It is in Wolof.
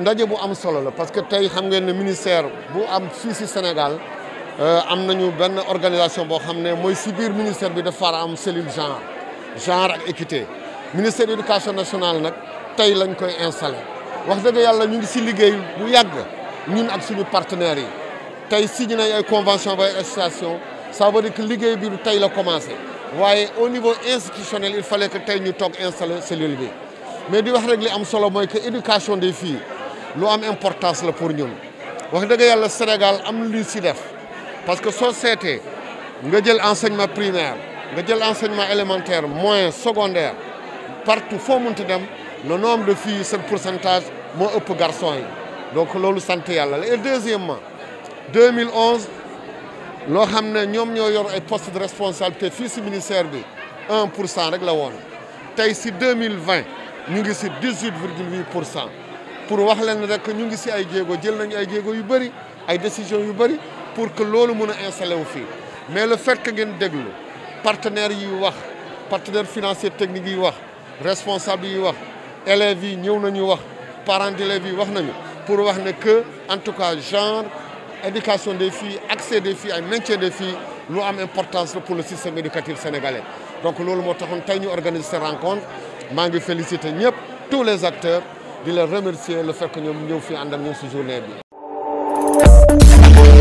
ndaje bu am solo la parce que tay xam ngeen ne ministère bu am fii si Sénégal euh, am nañu ben organisation bo xam moy mooy si ministère bi dafa am cellule genre genre ak équité ministère d'éducation nationale nak tay lañ koy installer wax dëgg yalla ñu ngi ci liggéey bu yàgg ñun ak suñu partenaire yi tay signé nañ ay convention ba association ça veut dire que liggéey bi tay la commencé waye au niveau institutionnel il fallait que tay ñu tok installer cellule bi mais di wax rek li am solo moy que éducation des filles lu am importance pour nous. wax que yalla Sénégal am lu parce que la société, nga enseignement primaire nga enseignement élémentaire moins secondaire partout où munti dem le nombre de filles le pourcentage moins ëpp garçon donc lolu sant yalla et deuxièmement 2011 nous avons eu ñoom postes de responsabilité filles ministère bi 1 pour la 2020 nous avons eu 18,8% pour wax leen rek ñu ngi si ay jël nañu ay décision pour que loolu mën a installé wu mais le fait que ngeen déglu partenaires yi wax partenaires financiers techniques yi wax responsables yi wax élèves yi parents d'élèves yi wax pour wax que en tout cas genre éducation des filles accès des filles ay maintien des filles lu une importance pour le système éducatif sénégalais donc loolu moo taxoon tey ñu organiser cette rencontre Je félicite tous les acteurs di leen remercier le fait que ñoom ñëw fii ànd ak ñun si journée bi.